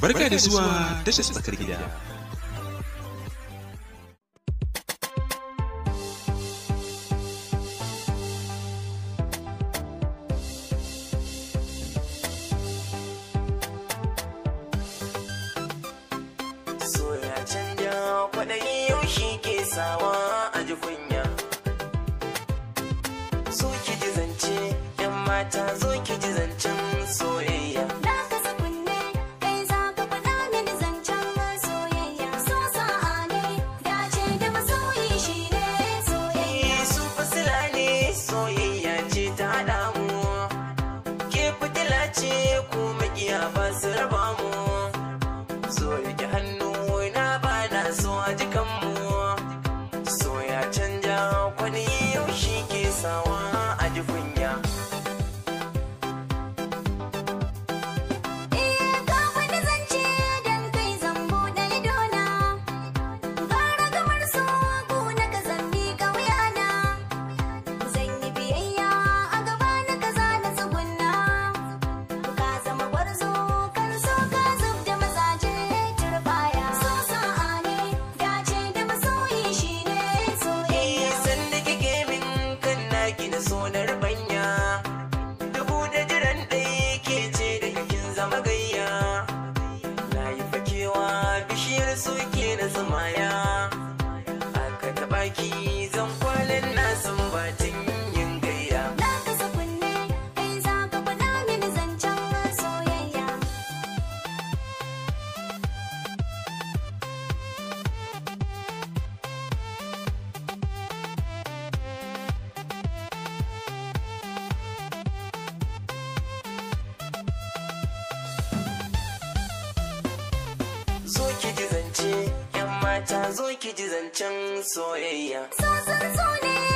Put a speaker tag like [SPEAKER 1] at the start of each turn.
[SPEAKER 1] Barka da zuwa tashar tsakar gida. Soya canja kwaɗayi yau shi ke sawa a ji kunya. zance, ‘yan mata zo zancen soya. now. ta zo ki ji zancen soyayya. So
[SPEAKER 2] so ne.